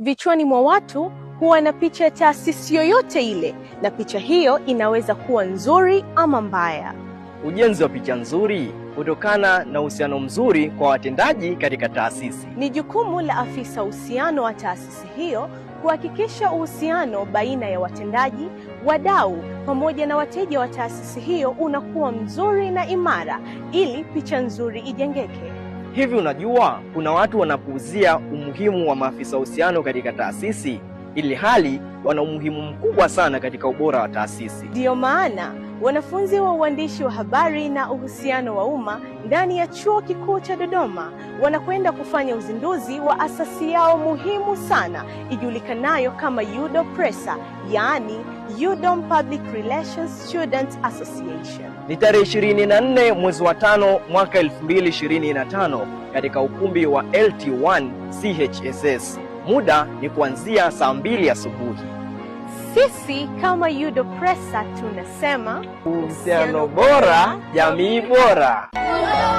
vichwani mwa watu huwa na picha ya taasisi yoyote ile, na picha hiyo inaweza kuwa nzuri ama mbaya. Ujenzi wa picha nzuri hutokana na uhusiano mzuri kwa watendaji katika taasisi. Ni jukumu la afisa uhusiano wa taasisi hiyo kuhakikisha uhusiano baina ya watendaji, wadau pamoja na wateja wa taasisi hiyo unakuwa mzuri na imara ili picha nzuri ijengeke. Hivi unajua kuna watu wanapuuzia umuhimu wa maafisa uhusiano katika taasisi, ili hali wana umuhimu mkubwa sana katika ubora wa taasisi. Ndiyo maana Wanafunzi wa uandishi wa habari na uhusiano wa umma ndani ya Chuo Kikuu cha Dodoma wanakwenda kufanya uzinduzi wa asasi yao muhimu sana ijulikanayo kama UDO pressa yaani UDOM Public Relations Student Association. Ni tarehe 24 mwezi wa tano mwaka 2025 katika ukumbi wa LT1 CHSS. Muda ni kuanzia saa mbili asubuhi. Sisi kama Yudo tunasema uhusiano bora, jamii bora.